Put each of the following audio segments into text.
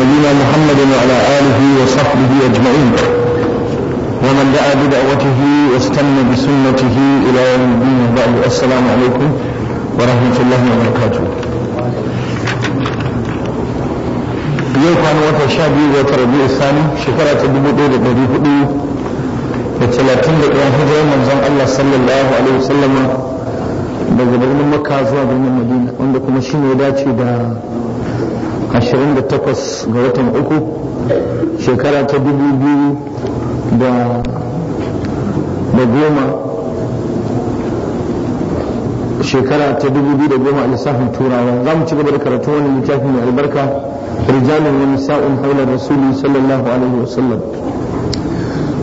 نبينا محمد وعلى آله وصحبه أجمعين ومن دعا بدعوته واستنى بسنته إلى يوم الدين بعد السلام عليكم ورحمة الله وبركاته yau kwanan wata sha biyu ga watan rabi'u sani shekara ta dubu ɗaya da ɗari hudu da talatin da ɗayan hijirar manzon Allah sallallahu alaihi Wasallama daga birnin makka zuwa birnin madina wanda kuma shi ne dace da 28 ga watan uku shekara ta dubu biyu da goma shekara ta dubu biyu da goma a lissafin turawa za mu ci gaba da karatun wani littafi mai albarka rijalin wani sa'un haular rasulun sallallahu alaihi wasallam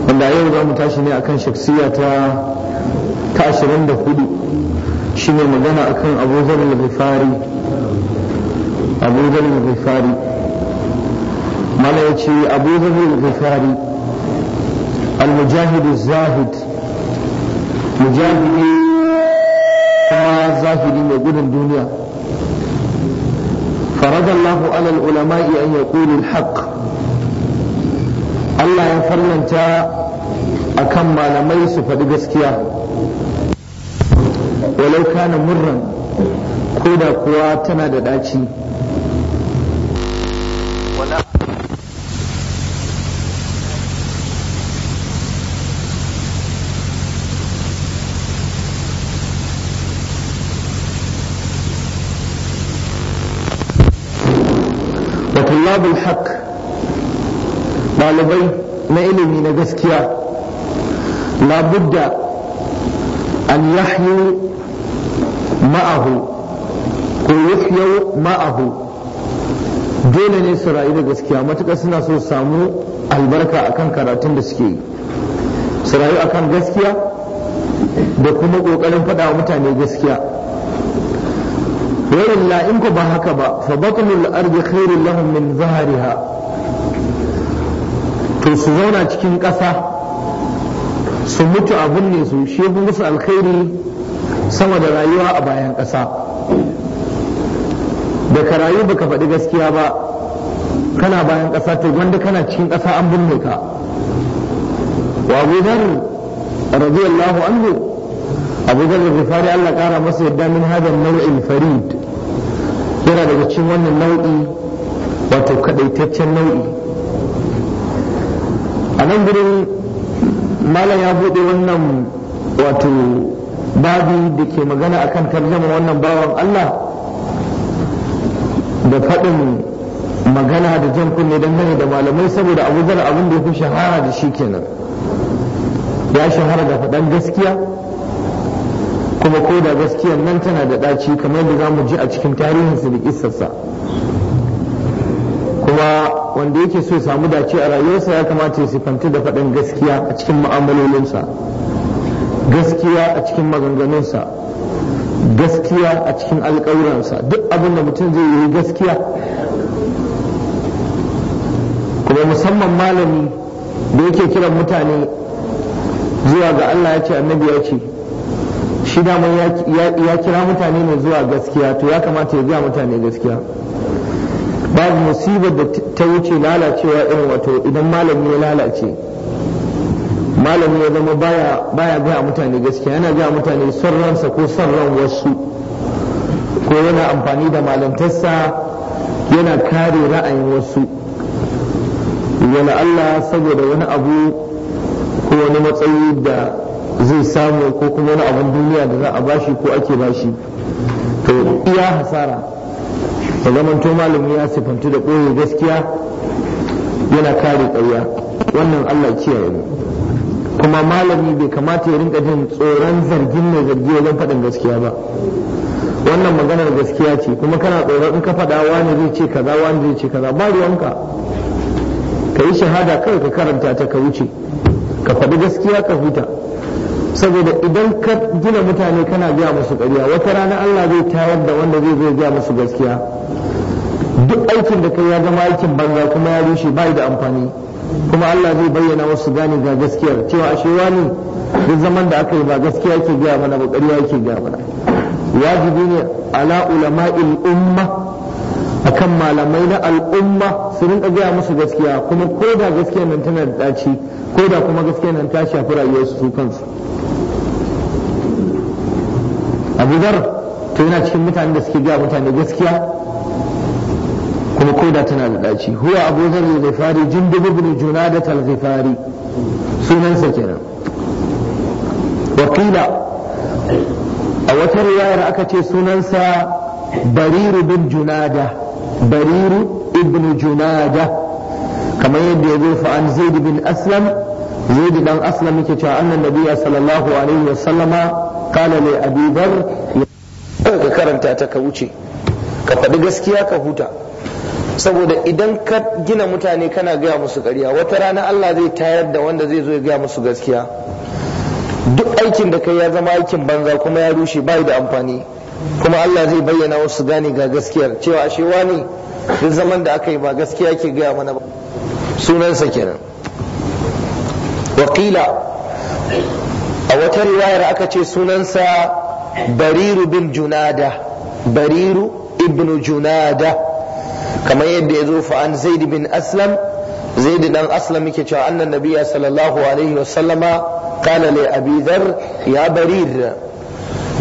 wanda yau za mu tashi ne akan shaksiya ta ta 24 shine magana akan abu zarar fari. abu zar al-ghifari mala yace abu al-ghifari zahid mujahidi kuma zahidi mai gudun duniya فرض الله على العلماء أن يقولوا Allah ya farlanta a kan malamai su faɗi gaskiya walau kana murran ko da kuwa tana da ɗaci arbabul ɗalibai na ilimi na gaskiya labudda an yahyu ma'ahu ko yuhyau dole ne su rayu da gaskiya matuƙa suna so samu albarka akan karatun da suke yi su rayu akan gaskiya da kuma ƙoƙarin faɗawa mutane gaskiya wayalla in ku ba haka ba fa batlul ardi khairul lahum min zahriha to su zauna cikin ƙasa su mutu a binne su shi musu alkhairi sama da rayuwa a bayan ƙasa da ka rayu baka faɗi gaskiya ba kana bayan ƙasa to wanda kana cikin ƙasa an binne ka wa abu dhar radiyallahu anhu abu zai fari Allah kara masa yadda min hada nau'in farid yana daga cikin wannan nau'i wato kadaitaccen nau'i a nan gurin malam ya buɗe wannan wato babi da ke magana akan tarjama wannan bawan Allah da faɗin magana da jan kunne don dangane da malamai saboda abu zar abin da ya fi shahara da shi kenan ya shahara da faɗan gaskiya kuma ko da gaskiyar nan tana da ɗaci kamar yadda za mu ji a cikin tarihin su da kissarsa kuma wanda yake so ya samu dace a rayuwarsa ya kamata ya sifanta da faɗin gaskiya a cikin mu'amalolinsa gaskiya a cikin maganganunsa gaskiya a cikin alƙawuransa duk abin da mutum zai yi gaskiya kuma musamman malami da yake kiran mutane zuwa ga Allah ya ce annabi ya ce shi dama ya kira mutane ne zuwa gaskiya to ya kamata ya gaya mutane gaskiya babu musibar da ta wuce lalacewa irin wato idan malami ya lalace malami ya zama baya gaya mutane gaskiya yana gaya mutane son ransa ko son ran wasu ko yana amfani da malantarsa yana kare ra'ayin wasu yana Allah saboda wani abu ko wani matsayi da zai samu ko kuma wani abin duniya da za a bashi ko ake bashi to iya hasara da to malami ya sifantu da ɓoye gaskiya yana kare ƙarya wannan allah kiyaye mu kuma malami bai kamata ya rinka jin tsoron zargin mai zargi wajen faɗin gaskiya ba wannan maganar gaskiya ce kuma kana tsoron in ka faɗa wani zai ce kaza wani zai ce kaza ba ruwanka ka yi shahada kawai ka karanta ta ka wuce ka faɗi gaskiya ka huta saboda idan ka gina mutane kana gaya musu ƙarya wata rana Allah zai tayar da wanda zai zo gaya musu gaskiya duk aikin da kai ya zama aikin banza kuma ya rushe bai da amfani kuma Allah zai bayyana wasu gane ga gaskiyar cewa ashe wani duk zaman da aka yi ba gaskiya yake gaya mana ba ƙarya yake gaya mana wajibi ne ala ulama'il umma akan malamai na al'umma su rinka gaya musu gaskiya kuma ko da gaskiyar nan tana da ɗaci ko da kuma gaskiyar nan ta shafi rayuwarsu su kansu abu zar to yana cikin mutanen da suke gaya mutane gaskiya kuma koda tana da ɗaci. huwa abu zar al-ghifari jundub ibn junadat al-ghifari sunansa kenan wakila a wata riwayar aka ce sunansa bariru bin junada bariru ibn junada kamar yadda ya zo fa'an zaid bin aslam zaid dan aslam yake cewa annan nabiyya sallallahu alaihi wasallama qala li abi ka karanta ta ka wuce ka faɗi gaskiya ka huta saboda idan ka gina mutane kana gaya musu ƙarya wata rana Allah zai tayar da wanda zai zo ya gaya musu gaskiya duk aikin da kai ya zama aikin banza kuma ya rushe bai da amfani kuma Allah zai bayyana wasu gane ga gaskiyar cewa ashe ne? duk zaman da aka yi ba gaskiya ke gaya mana ba sunansa kenan wakila a wata riwayar aka ce sunansa bariru bin junada bariru ibn junada kamar yadda ya zo fa'an zaid bin aslam zaid dan aslam yake cewa annan nabiya sallallahu alaihi wasallama kana ne a ya barir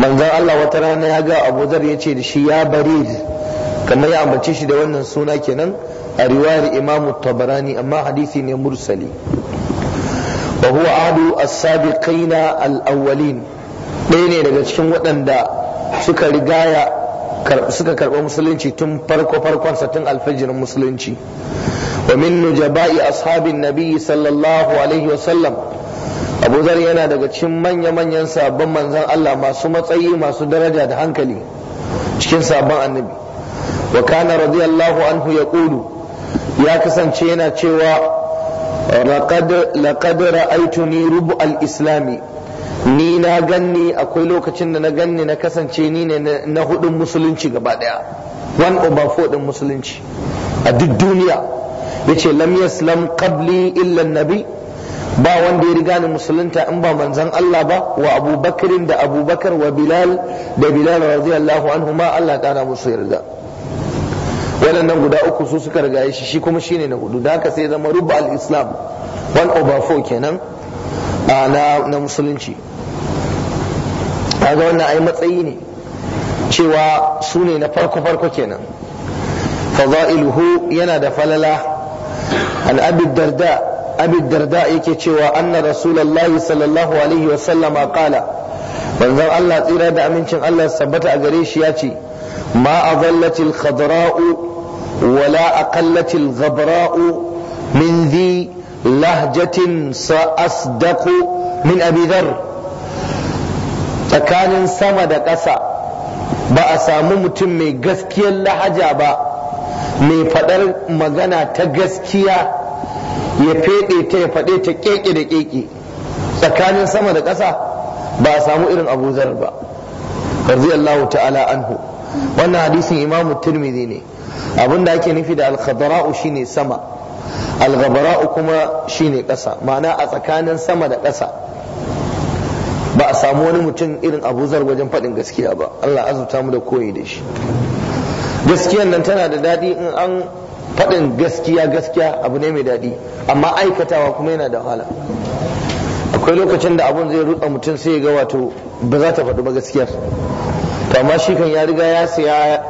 manzan Allah wata rana ya ga Abu ya ce da shi ya barir kamar ya ambace shi da wannan suna kenan a riwayar Imam Tabarani amma hadisi ne mursali fa huwa ahadu as-sabiqina al-awwalin ɗaya ne daga cikin waɗanda suka rigaya suka karɓi musulunci tun farko farkon sa tun alfajirin musulunci wa min nujaba'i ashabin nabi sallallahu alaihi wa sallam Abu Zar yana daga cikin manya-manyan sabon manzan Allah masu matsayi masu daraja da hankali cikin sabon annabi wa kana radiyallahu anhu ya ya kasance yana cewa laqad ra'aytuni rubu al ni na ganni akwai lokacin da na ganni na kasance ni ne na hudun musulunci gaba daya one over four musulunci a duk duniya Ya ce lam yaslam qabli illa nabi ba wanda ya riga ni musulunta in ba manzon Allah ba wa abubakarin da abubakar wa bilal da bilal radiyallahu anhu ma Allah kara musu yarda waɗannan guda uku su suka riga shi shi kuma shine na hudu da haka sai zama ruba al-islam one over four kenan na na musulunci kaga wannan ai matsayi ne cewa su ne na farko farko kenan fadailuhu yana da falala an abi darda abi darda yake cewa anna rasulullahi sallallahu alaihi wa sallama qala manzon Allah tsira da amincin Allah sabbata a gare shi ya ce ما أظلت الخضراء ولا أقلت الغبراء من ذي لهجة سأصدق من أبي ذر tsakanin sama da ƙasa ba a samu mutum mai gaskiyar lahaja ba mai faɗar magana ta gaskiya ya feɗe ta ya faɗe ta ƙeƙe da keke tsakanin sama da ƙasa ba a samu irin abu zar ba Allahu ta'ala anhu wannan hadisin imam turmizi ne abinda ake nufi da al-khadra'u shine sama al kuma shine ƙasa ma'ana a tsakanin sama da ƙasa ba a samu wani mutum irin abuzar wajen faɗin gaskiya ba Allah azuta mu da koyi da shi gaskiyan nan tana da daɗi in an faɗin gaskiya gaskiya abu ne mai daɗi amma aikatawa kuma yana da wahala akwai lokacin da abun zai rutsa mutum sai ya ga wato ba za ta faɗi ba gaskiyar to amma shi kan ya riga ya siya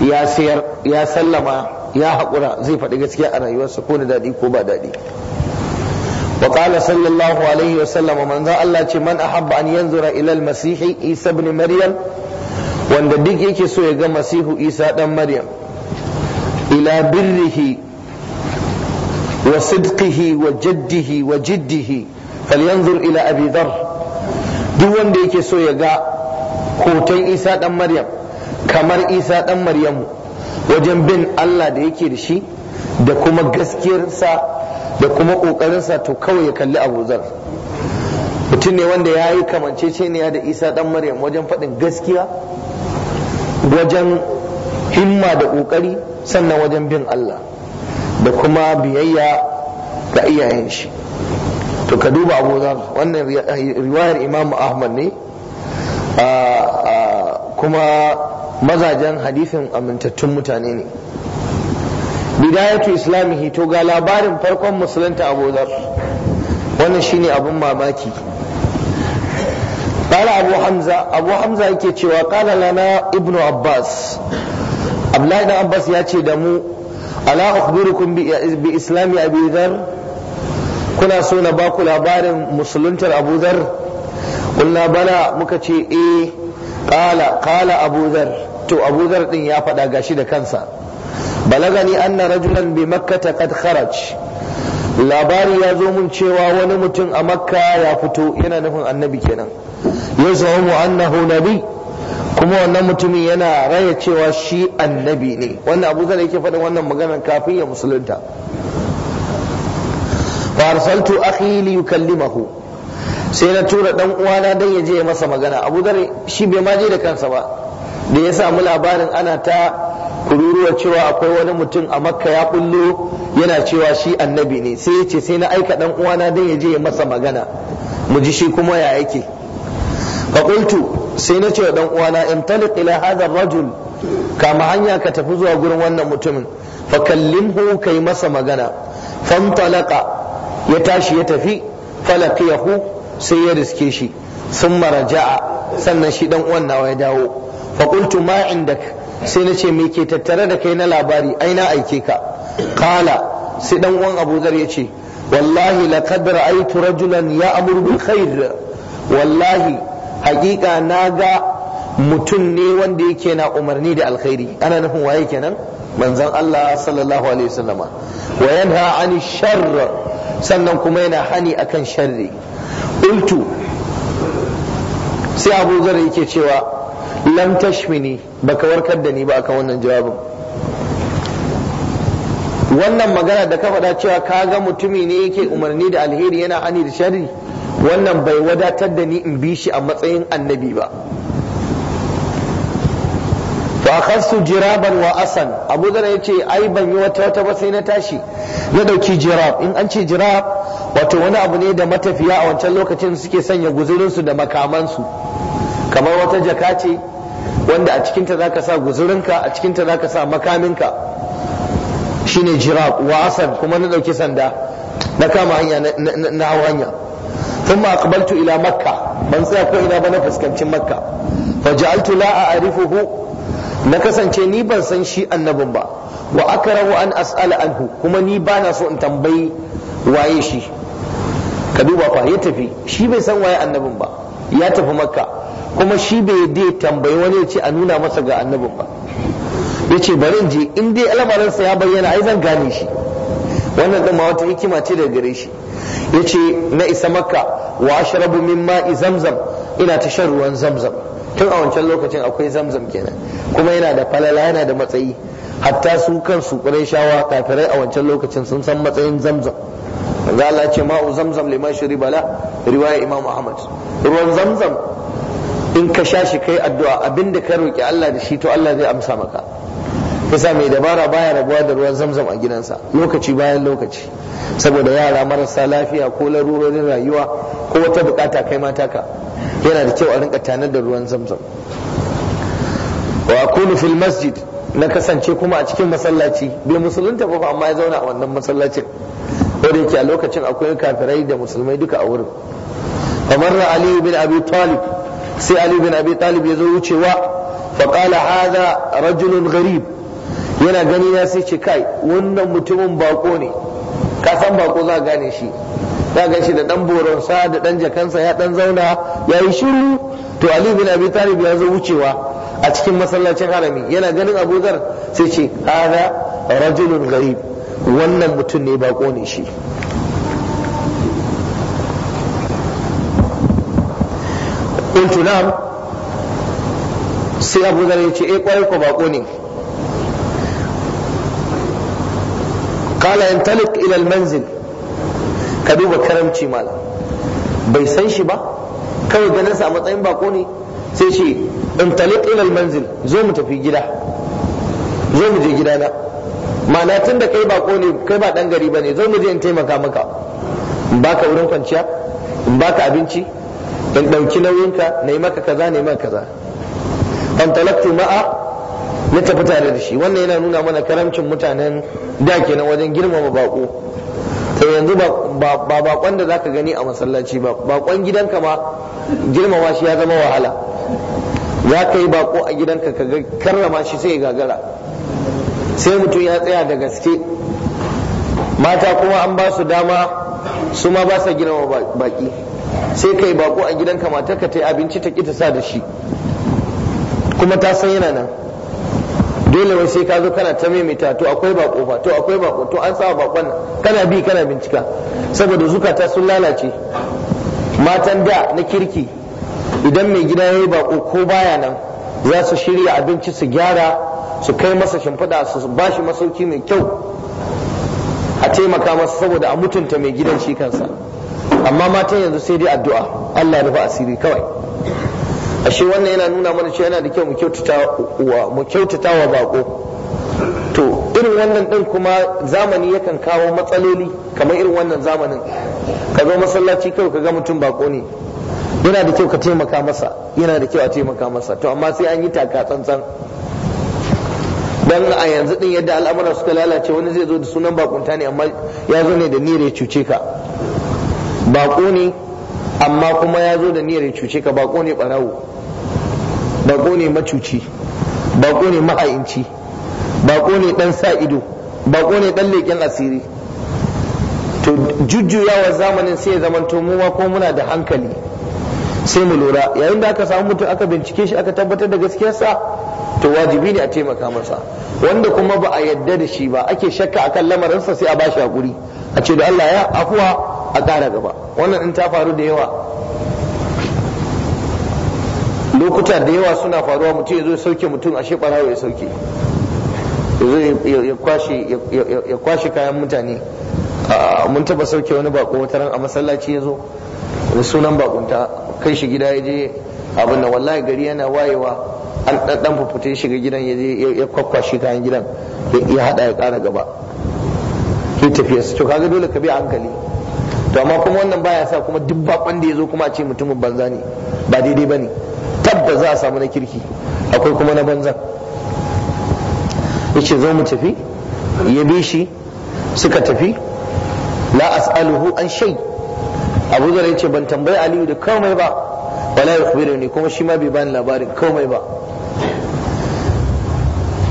ya siyar ya sallama ya haƙura zai faɗi gaskiya a rayuwarsa ko da daɗi ko ba daɗi وقال صلى الله عليه allah ce ذا الله من an أن ينظر إلى المسيح isa بن مريم wanda duk yake so ya ga masihu isa dan maryam ila birrihi wa sidqihi wa jaddihi wa jiddihi falyanzur ila abi dhar duk wanda yake so ya ga hoton isa ɗan maryam kamar isa ɗan Maryam wajen bin allah da yake da shi da kuma gaskiyarsa da kuma ƙoƙarinsa to kawai ya kalli abuzar mutum ne wanda ya yi kamanceceniya da isa ɗan maryam wajen faɗin gaskiya wajen himma da ƙoƙari sannan wajen bin allah da kuma biyayya ga iyayen shi to ka duba abuzar wannan riwayar imamu ahmad ne kuma mazajen hadisin amintattun mutane ne bidayatu islami hito ga labarin farkon musulunta abu zar wannan shine abun mamaki kala abu hamza abu hamza yake cewa kala lana ibnu abbas abdullahi abbas ya ce da mu ala ukhbirukum bi islami abu zar kuna so na baku labarin musuluntar abu zar kulla bala muka ce e, kala kala abu zar to abu zar din ya faɗa gashi da kansa balagani ni rajulan bi makkata kad kharaj labari ya zo mun cewa wani mutum a makka ya fito yana nufin annabi kenan ya zaumu annahu nabi kuma wannan mutumin yana raya cewa shi annabi ne wannan abu zan yake faɗin wannan magana kafin ya musulunta fa arsaltu akhi li yukallimahu sai na tura dan uwana dan ya je ya masa magana abu dar shi bai ma je da kansa ba da ya samu labarin ana ta kururuwa cewa akwai wani mutum a makka ya kullo yana cewa shi annabi ne sai ya ce sai na aika dan uwana dan ya je ya masa magana mu ji shi kuma ya yake fa sai na ce wa dan uwana taliq ila hadha rajul kama hanya ka tafi zuwa gurin wannan mutumin fa kallimhu kai masa magana fa ya tashi ya tafi falaqiyahu sai ya riske shi sun maraja'a sannan shi dan uwan nawa ya dawo faƙultu ma inda sai na ce me ke tattare da kai na labari ai na aike ka kala sai dan uwan abu zar ya ce wallahi laqad ra'aytu rajulan ya'muru bil khair wallahi haƙiƙa na ga mutum ne wanda yake na umarni da alkhairi ana nufin waye kenan manzon Allah sallallahu alaihi wasallama wa yanha ani sharr sannan kuma yana hani akan sharri Ultu sai Abu da yake cewa lam tashmini baka warkar da ni ba akan wannan jawabin wannan magana da ka faɗa cewa ka ga mutumi ne yake umarni da alheri yana ani da shari wannan bai wadatar da ni in bi shi a matsayin annabi ba fa akhadtu jiraban wa asan abu zar yace ai ban yi wata wata ba sai na tashi na dauki jirab in an ce jirab wato wani abu ne da matafiya a wancan lokacin suke sanya guzurin su da makaman kamar wata jaka ce wanda a cikinta zaka sa guzurinka a cikinta zaka sa makaminka shine jirab wa asan kuma na dauki sanda na kama hanya na hawa hanya ثم أقبلت إلى مكة من سيكون إلى بنا فسكنت مكة فجعلت لا أعرفه na kasance ni ban san shi annabin ba wa akrahu an as'ala anhu kuma ni ba na so in tambayi waye shi ka duba fa ya tafi shi bai san waye annabin ba ya tafi makka kuma shi bai yadda ya tambayi wani ya ce a nuna masa ga annabin ba ya ce barin in je in dai al'amarinsa ya bayyana ai zan gane shi wannan ma wata hikima ce da gare shi ya ce na isa maka wa ashrabu min ma'i zamzam ina ta shan ruwan zamzam tun a wancan lokacin akwai zamzam kenan kuma yana da falala yana da matsayi hatta su kansu shawa kafirai a wancan lokacin sun san matsayin zamzam manzo Allah ce ma'u zamzam lima shiri bala riwaya Imam Ahmad ruwan zamzam in ka sha shi kai addu'a abinda ka roki Allah da shi to Allah zai amsa maka yasa mai dabara baya rabuwa da ruwan zamzam a gidansa lokaci bayan lokaci saboda yara marasa lafiya ko larurorin rayuwa ko wata bukata kai mata ka yana da kyau a rinka tanar da ruwan zamzam wa akunu fil masjid na kasance kuma a cikin masallaci bai musulunta ba amma ya zauna a wannan masallacin wanda yake a lokacin akwai kafirai da musulmai duka a wurin kamar da Aliyu bin abi talib sai ali bin abi talib ya zo wucewa fa qala hadha rajulun yana gani ya sai ce kai wannan mutumin bako ne ka san bako za gane shi za gan shi da dan boronsa da dan jakansa ya dan zauna ya yi shiru to ali bin abi talib ya zo wucewa a cikin masallacin harami yana ganin abuzar sai ce hada rajulun gharib wannan mutum ne bako ne shi sai abuzar ya ce eh kwarai ko bako ne qala yantaliq ilal almanzil ka duba karamci malam bai san shi ba kawai ganin sa a matsayin bako ne sai ce intaliq ilal almanzil zo mu tafi gida zo mu je gidana ma'ana tun da kai bako ne kai ba dan gari bane zo mu je in taimaka maka in baka wurin kwanciya in baka abinci in dauki nauyinka nayi maka kaza nayi maka kaza fantalaktu ma'a na tafi tare da shi wannan yana nuna mana karamcin mutanen da kenan wajen girmama bako to yanzu ba bakon da zaka gani a masallaci ba bakon gidanka ma girmama shi ya zama wahala za ka yi bako a gidanka ka karrama shi sai gagara sai mutum ya tsaya da gaske mata kuma an ba su dama su ma ba sa girmama baki sai ka yi bako a gidanka ka ta yi abinci ta ƙi ta sa da shi kuma ta san yana nan dole wai sai ka zo kana ta maimaita to akwai bako fa to akwai bako to an sawa bakon kana bi kana bincika saboda zukata sun lalace matan da na kirki idan mai gida ya yi bako ko baya nan za su shirya abinci su gyara su kai masa shimfiɗa su ba shi masauki mai kyau a taimaka masa saboda a mutunta mai gidan shi kansa amma matan yanzu sai dai addu'a Allah ya rufe asiri kawai ashe wannan yana nuna mana cewa yana da kyau mu kyautata wa bako to irin wannan din kuma zamani yakan kawo matsaloli kamar irin wannan zamanin ka zo masallaci kawai ka ga mutum bako ne yana da kyau ka taimaka masa yana da kyau a taimaka masa to amma sai an yi taka tsantsan dan a yanzu din yadda al'amura suka lalace wani zai zo da sunan bakunta ne amma ya zo ne da niyyar ya cuce ka bako ne amma kuma ya zo da niyyar ya cuce ka bako ne barawo bako ne macuci bako ne ma'ainci bako ne dan sa ido bako ne dan leken asiri to jujjuyawa zamanin sai ya zamanto mu ma ko muna da hankali sai mu lura yayin da aka samu mutum aka bincike shi aka tabbatar da gaskiyarsa to wajibi ne a taimaka masa wanda kuma ba a yadda da shi ba ake shakka akan lamarinsa sai a bashi hakuri a ce da Allah ya afuwa a ƙara gaba wannan in ta faru da yawa lokuta da yawa suna faruwa mutum ya zo sauke mutum a shebarawa ya sauke ya kwashe kayan mutane mun taba sauke wani bako wata ran a masallaci ya zo da sunan bakunta kai shi gida ya je abinda wallahi gari yana wayewa an dan fufute shiga gidan ya je ya kwakwashe kayan gidan ya haɗa ya ƙara gaba ke tafiya to kaga dole ka bi hankali to amma kuma wannan baya sa kuma duk bakon da ya zo kuma a ce mutumin banza ne ba daidai ba ne tabba za a samu na kirki akwai kuma na banza ya ce zo mu tafi ya bi shi suka tafi la as'aluhu an shay abu zar yace ban tambayi aliyu da komai ba wala ya ne kuma shi ma bai bani labarin komai ba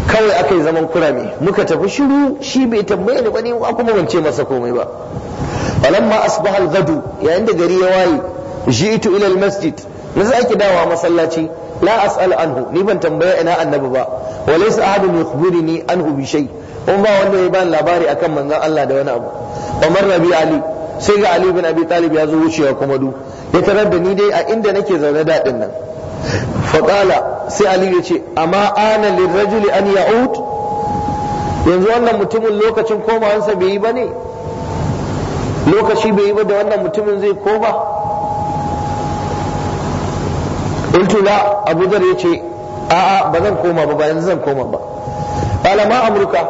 kawai aka yi zaman kurame muka tafi shiru shi bai tambaye ni ba ne kuma ban ce masa komai ba falamma asbaha al-ghadu yayin da gari ya waye ji'tu ila al-masjid na zaki dawa masallaci la as'al anhu ni ban tambaya ina annabi ba wa laysa ahadun ne anhu bi shay ba wanda ya bani labari akan manzon Allah da wani abu Umar Rabi Ali sai ga Ali bin Abi Talib ya zo wucewa kuma du ya tarar da ni dai a inda nake zaune daɗin nan Faqala, sai Ali ya ce amma ana lirrajuli an ya'ud yanzu wannan mutumin lokacin komawansa bai yi ba ne lokaci bai yi ba da wannan mutumin zai ko ba ultula abu zar ya ce a'a ba zan koma ba bayan zan koma ba alama amurka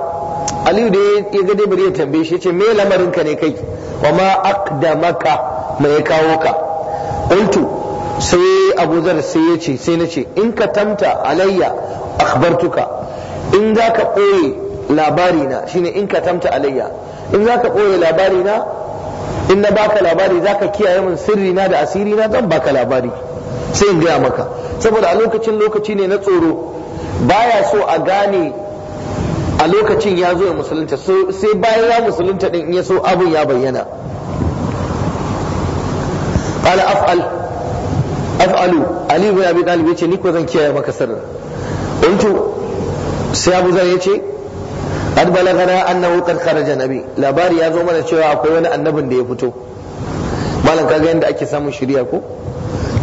aliyu da ya ga bari ya tambaye shi ce me lamarin ka ne kai wa ma aqdamaka mai kawo ka ultu sai abu zar sai ya ce sai na ce in ka tamta alayya akhbartuka in za ka ɓoye labarina na shine in ka tamta alayya in za ka ɓoye labari na in na baka labari za ka kiyaye min sirri na da asiri na zan baka labari sai in gaya maka saboda a lokacin lokaci ne na tsoro baya so a gane a lokacin ya zo ya musulunta sai bayan ya musulunta din in ya so abun ya bayyana qala af'al af'alu ali ibn abi talib yace ni ko zan kiyaye maka sirrin to sai abu zai yace kad balagana annahu kad kharaja nabi labari ya zo mana cewa akwai wani annabin da ya fito malam kaga yanda ake samun shirya ko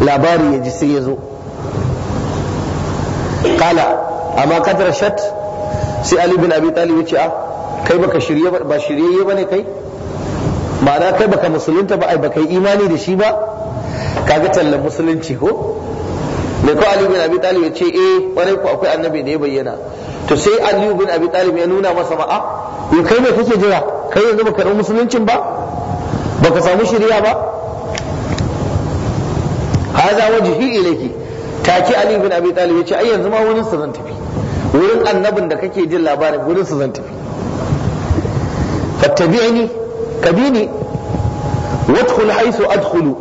labari ya ji sai ya zo kala amma kadar shat sai ali bin abi talib ya ce a kai baka shirye ba shiryayye bane kai ma'ana kai baka musulunta ba ai baka yi imani da shi ba kaga tallan musulunci ko me ko ali bin abi talib ya ce eh kwarai ku akwai annabi da ya bayyana to sai aliyu bin abi talib ya nuna masa ba'a ah, ya kai me kake jira kai yanzu baka ɗau musuluncin ba baka samu shirya ba haza wajhi ilayki take aliyu bin abi talib ya ce ai yanzu ma wurin zan tafi wurin annabin da kake jin labarin wurin zan tafi fattabi'ni ka bi ni wadkhul haythu adkhulu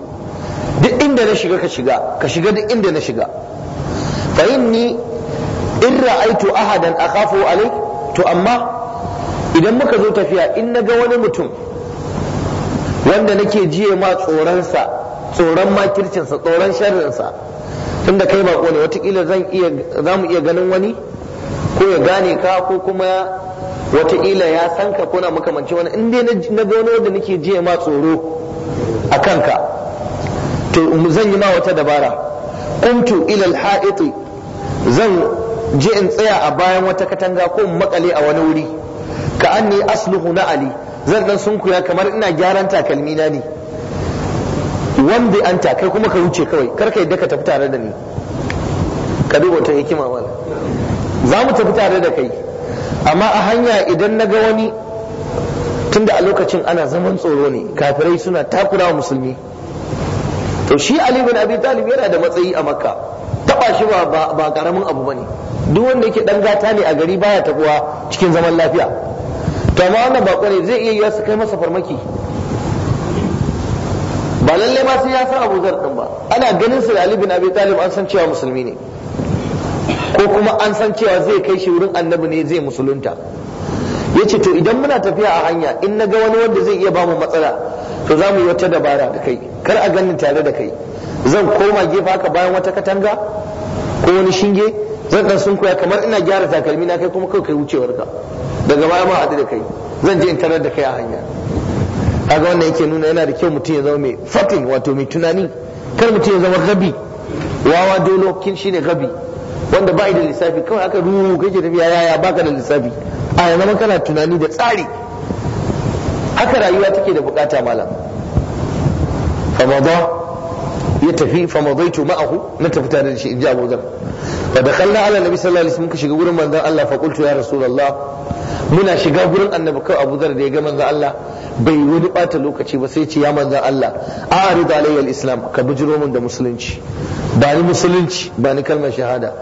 duk inda na shiga ka shiga ka shiga duk inda na shiga fa inni in ra'aitu ahadan akhafu alai to amma idan muka zo tafiya in naga wani mutum wanda nake jiye ma tsoron makircinsa tsoron sharrinsa tunda kai bako ne watakila zan iya za mu iya ganin wani ko ya gane ka ko kuma watakila ya san ka ko na makamanci wani in dai na ga wani wanda nake jiye ma tsoro a kanka to zan yi ma wata dabara kuntu ila al zan je in tsaya a bayan wata katanga ko in makale a wani wuri ka ne asluhu na ali zan dan sunkuya kamar ina gyaran takalmi na ne wanda an kai kuma ka wuce kawai kar ka yadda ka tafi tare da ni ka duba ta hikima mana za mu tafi tare da kai amma a hanya idan na ga wani tunda a lokacin ana zaman tsoro ne kafirai suna takura musulmi to shi ali bin abi talib yana da matsayi a makka taba shi ba ba karamin abu bane duk wanda yake dan gata ne a gari baya tabuwa cikin zaman lafiya to amma wannan bako ne zai iya yi su kai masa farmaki ba lalle ma sai ya san Abu Zar din ba ana ganin sa da Ali bin Abi Talib an san cewa musulmi ne ko kuma an san cewa zai kai shi wurin annabi ne zai musulunta yace to idan muna tafiya a hanya in na ga wani wanda zai iya bamu matsala to za mu yi wata dabara da kai kar a ganin tare da kai zan koma gefe haka bayan wata katanga ko wani shinge zan dan sun koya kamar ina gyara takalmi na kai kuma kai kai wucewar ka daga baya ma haɗu da kai zan je in tarar da kai a hanya kaga wannan yake nuna yana da kyau mutum ya zama mai fatin wato mai tunani kar mutum ya zama gabi wawa dole kin shine gabi wanda ba da lissafi kawai aka ruru kake tafiya yaya baka da lissafi a ya zama kana tunani da tsari haka rayuwa take da bukata malam fa ya tafi fa madaitu ma'ahu na tafi tare da shi inji Abu Dhar fa dakhalna ala nabi sallallahu alaihi wasallam muka shiga gurin manzon Allah fa qultu ya rasulullah muna shiga gurin annabi kai Abu Dhar da ya ga manzon Allah bai wani bata lokaci ba sai ce ya manzon Allah a'rid alayya al-islam ka bijiro mun da musulunci ba ni musulunci ba ni kalmar shahada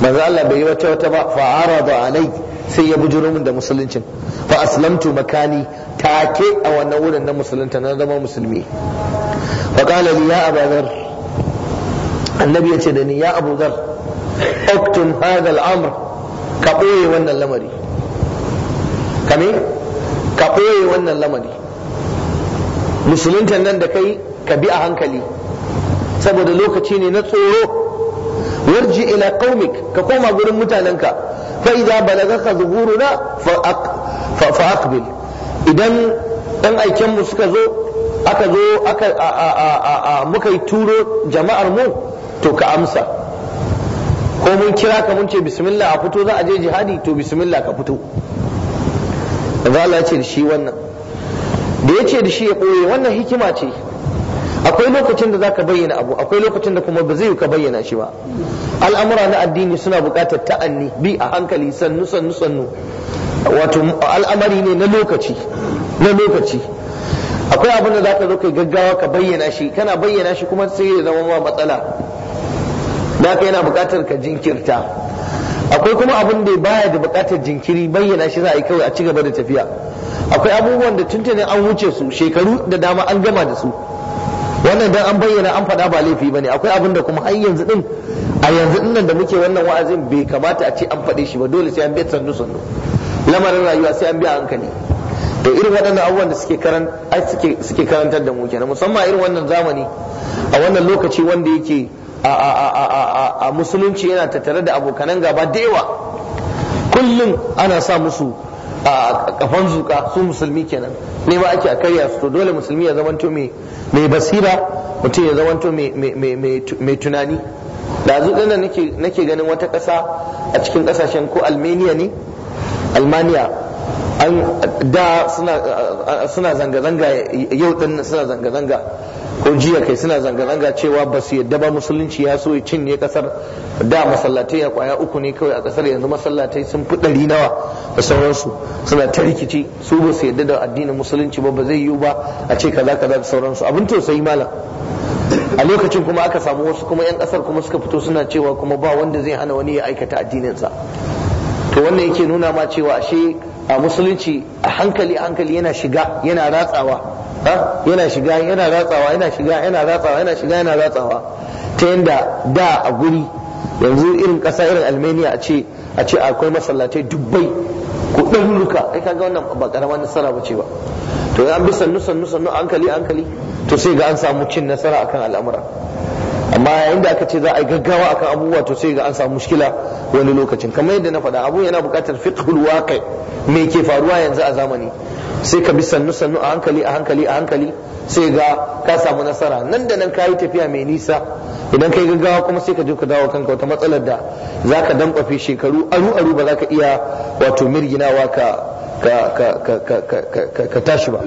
manzon Allah bai yi wata wata ba fa arada alayya sai ya bujiro min da musuluncin fa aslamtu makani take a wannan wurin na musulunta na zama musulmi fa qala li ya abadar annabi ya ce da ni ya abu zar oktun hadha amr ka ɓoye wannan lamari kame ka ɓoye wannan lamari musulunta nan da kai ka bi a hankali saboda lokaci ne na tsoro warji ila qaumik ka koma gurin mutanenka fa idza balagaka zuhuruna fa fa aqbil idan dan aikin mu suka zo aka zo aka muka turo jama'ar mu to ka amsa ko mun kira ka mun ce bismillah a fito za a je jihadi to bismillah ka fito za Allah ce da shi wannan da ya ce da shi ya ɓoye wannan hikima ce akwai lokacin da za ka bayyana abu akwai lokacin da kuma ba zai ka bayyana shi ba al'amura na addini suna buƙatar ta'anni bi a hankali sannu sannu sannu wato al'amari ne na lokaci na lokaci akwai abin da za ka zo kai gaggawa ka bayyana shi kana bayyana shi kuma sai ya zama matsala da haka yana buƙatar ka jinkirta akwai kuma abin da baya da buƙatar jinkiri bayyana shi za a yi kawai a ci gaba da tafiya akwai abubuwan da tun tunanin an wuce su shekaru da dama an gama da su wannan dan an bayyana an faɗa ba laifi bane akwai abin da kuma har yanzu din a yanzu din nan da muke wannan wa'azin bai kamata a ce an faɗe shi ba dole sai an bi sannu sannu lamarin rayuwa sai an bi a hankali to irin waɗannan abubuwan da suke suke suke karantar da mu kenan musamman irin wannan zamani a wannan lokaci wanda yake a musulunci yana tattare da abokanan gaba da yawa kullum ana sa musu a kafan zuka su musulmi kenan ne ba ake a karya su to dole musulmi ya zamanto mai basira mutum ya zamanto mai tunani da zuɗin da nake ganin wata ƙasa a cikin ƙasashen ko almania ne Almaniya, da suna zanga-zanga yau din suna zanga-zanga ko jiya kai suna zanga-zanga cewa ba su yadda ba musulunci ya so ya cinye kasar da masallatai ya kwaya uku ne kawai a kasar yanzu masallatai sun fi ɗari nawa da sauransu suna ta rikici su ba su yadda da addinin musulunci ba ba zai yiwu ba a ce kaza kaza da sauransu abin tausayi malam a lokacin kuma aka samu wasu kuma yan kasar kuma suka fito suna cewa kuma ba wanda zai hana wani ya aikata addininsa to wannan yake nuna ma cewa ashe a musulunci a hankali hankali yana shiga yana ratsawa ha yana shiga yana ratsawa yana shiga yana ratsawa yana shiga yana ratsawa ta yanda da a guri yanzu irin ƙasa irin almeniya a ce a ce akwai masallatai dubbai ko ɗaruruka ai kaga wannan ba karamar nasara ba ce ba to an bi sannu sannu sannu ankali hankali to sai ga an samu cin nasara akan al'amura amma yayin da aka ce za a yi gaggawa akan abubuwa to sai ga an samu mushkila wani lokacin kamar yadda na faɗa abu yana buƙatar fiqhul waqi me ke faruwa yanzu a zamani sai ka bi sannu sannu a hankali a hankali a hankali sai ga ka samu nasara nan da nan ka yi tafiya mai nisa idan ka yi gaggawa kuma sai ka je ka dawo kanka wata matsalar da zaka dankwafe shekaru aru aru ba za ka iya wato mirginawa ka tashi ba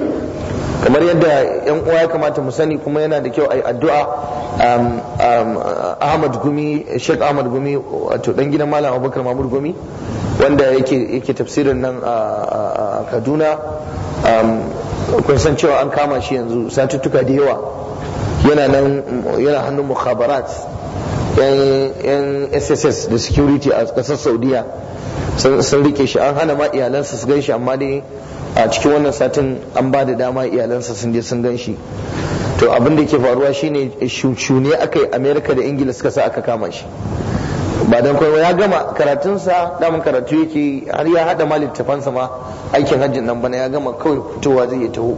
kamar yadda yan uwa ya kamata mu sani kuma yana da kyau a yi addu'a um, um, Ahmad Gumi Sheikh Ahmad Gumi wato dan gidan Malam Abubakar Mamur Gumi wanda yake tafsirin nan a kaduna um, kun san cewa an kama shi yanzu satuttuka da yawa yana nan yana hannun mukhabarat yan sss da security a kasar saudiya sun rike shi an hana ma iyalansa su gan shi amma dai a cikin wannan satin an ba da dama iyalansa sun je sun gan shi to abin da ke faruwa shine shune aka yi amerika da ingila suka sa aka kama shi ba dan kawai ya gama karatunsa daman karatu yake har ya hada ma littafansa ma aikin hajjin nan bana ya gama kawai fitowa zai taho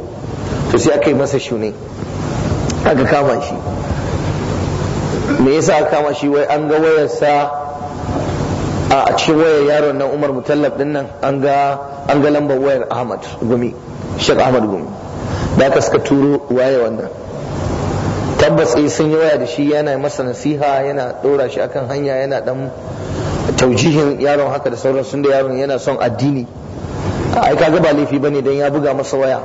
to sai aka yi masa shune aka kama shi me yasa aka kama shi wai an ga wayarsa a cikin wayar yaron nan Umar Mutallab din nan an ga an ga lambar wayar Ahmad Gumi Sheikh Ahmad Gumi da aka suka turo waye wannan tabbas sai eh, sun yi waya da shi yana masa nasiha yana dora shi akan hanya yana dan taujihin yaron haka da sauran sun da yaron yana son addini ai kaga ba laifi bane dan ya buga masa waya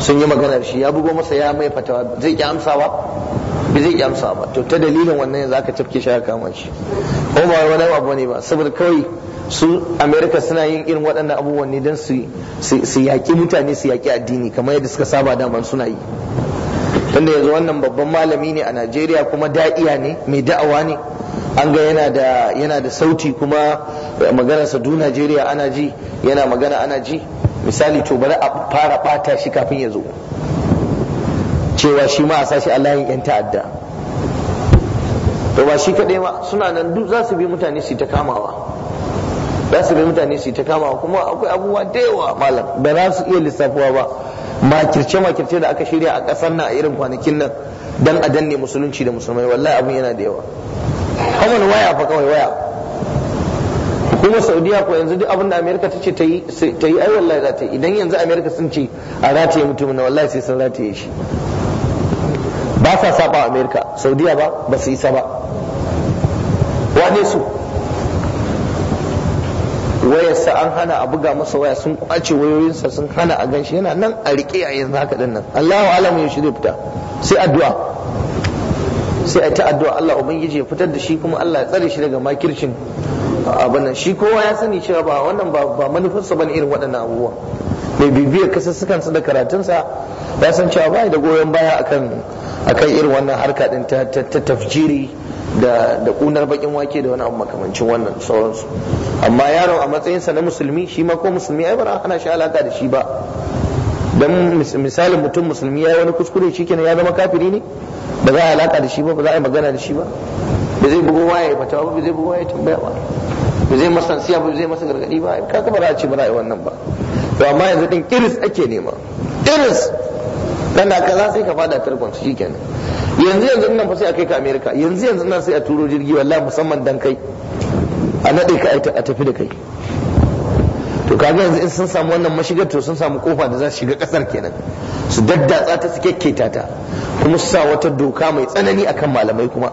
sun yi magana da shi ya bugo masa ya mai fatawa zai ki amsawa ba zai ki amsa ba to ta dalilin wannan yanzu aka tafke shi aka kama shi ko ba wani abu ne ba saboda kawai su america suna yin irin waɗannan abubuwan ne don su yaƙi mutane su yaƙi addini kamar yadda suka saba daman suna yi tunda yanzu wannan babban malami ne a najeriya kuma da'iya ne mai da'awa ne an ga yana da yana da sauti kuma maganarsa du najeriya ana ji yana magana ana ji misali to bari a fara bata shi kafin ya zo cewa shi ma a sashi allahin yan ta'adda to ba shi kadai ma suna nan duk za su bi mutane su ta kamawa za su bi mutane su ta kamawa kuma akwai abubuwa da yawa malam ba za su iya lissafuwa ba makirce makirce da aka shirya a ƙasar nan a irin kwanakin nan dan a danne musulunci da musulmai wallahi abun yana da yawa kawai waya fa kawai waya hukumar saudiya ko yanzu duk abin da amerika ta ce ta yi ai wallahi za ta yi idan yanzu amerika sun ce a rataye mutum na wallahi sai sun rataye shi ba sa saba amerika saudiya ba ba su isa ba wane su wayarsa an hana a buga masa waya sun kwace wayoyinsa sun hana a ganshi yana nan a rike a yanzu haka dinnan Allahu alamu ya shirya fita sai addu'a sai a ta addu'a Allah ubangiji ya fitar da shi kuma Allah ya tsare shi daga makircin abin nan shi kowa ya sani cewa ba wannan ba manufarsa bane irin waɗannan abubuwa mai bibiyar kasa su da karatunsa ya san cewa ba da goyon baya akan akan irin wannan harka din ta tafjiri da da kunar bakin wake da wani abu makamancin wannan sauransu amma yaro a matsayinsa na musulmi shi ma ko musulmi ai ba ana shi alaka da shi ba dan misalin mutum musulmi ya yi wani kuskure shi kenan ya zama kafiri ne ba za a alaka da shi ba ba za a yi magana da shi ba ba zai bugo waye ba ba ba zai bugo waye tambaya ba ba zai masa siya ba zai masa gargadi ba ka ba za a ce ba za a yi wannan ba to amma yanzu din kiris ake nema kiris dan da kaza sai ka fada tarkon shi kenan yanzu yanzu nan fa sai a kai ka America yanzu yanzu nan sai a turo jirgi wallahi musamman dan kai a nade ka a tafi da kai to kaga yanzu in sun samu wannan mashigar to sun samu kofa da za su shiga kasar kenan su daddatsa ta su kekketa ta kuma su sa wata doka mai tsanani akan malamai kuma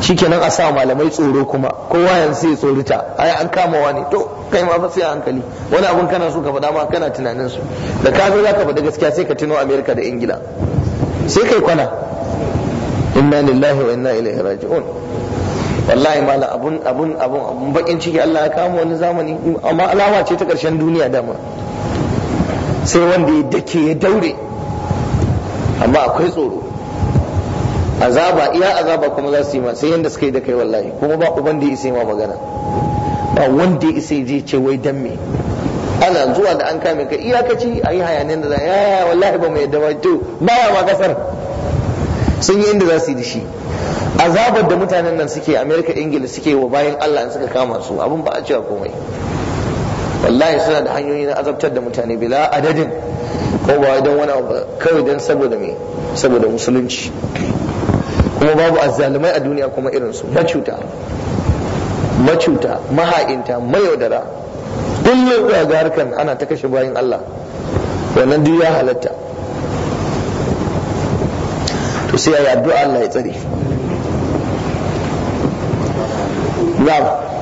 shikenan a sa malamai tsoro kuma kowa yanzu sai tsorita ai an kama wani to kai ma fa sai a hankali wani abun kana so ka faɗa ma kana tunanin su da ka zo zaka faɗa gaskiya sai ka tuno America da Ingila sai kai kwana inna lillahi wa inna ilaihi raji'un wallahi mala abun abun abun abun bakin ciki Allah ya kama wani zamani amma alama ce ta karshen duniya dama sai wanda ya dake ya daure amma akwai tsoro azaba iya azaba kuma za su yi ma sai yadda suka yi da kai wallahi kuma ba uban da ya ma magana ba wanda ya je ce wai dan me ana zuwa da an kame ka iyakaci a yi hayanin da za ya wallahi ba mu yadda ba to ya ma kasar sun yi inda za su yi da shi azabar da mutanen nan suke amerika ingila suke wa bayan allah in suka kama su abin ba a cewa komai wallahi suna da hanyoyi na azabtar da mutane bila adadin ko ba kawai don saboda me saboda musulunci kuma babu azzalumai a duniya kuma irinsu macuta macuta maha'inta mayaudara kullum ya ga harkan ana ta kashe bayan Allah wannan duk ya halatta to sai yi addu'a Allah ya tsare na'am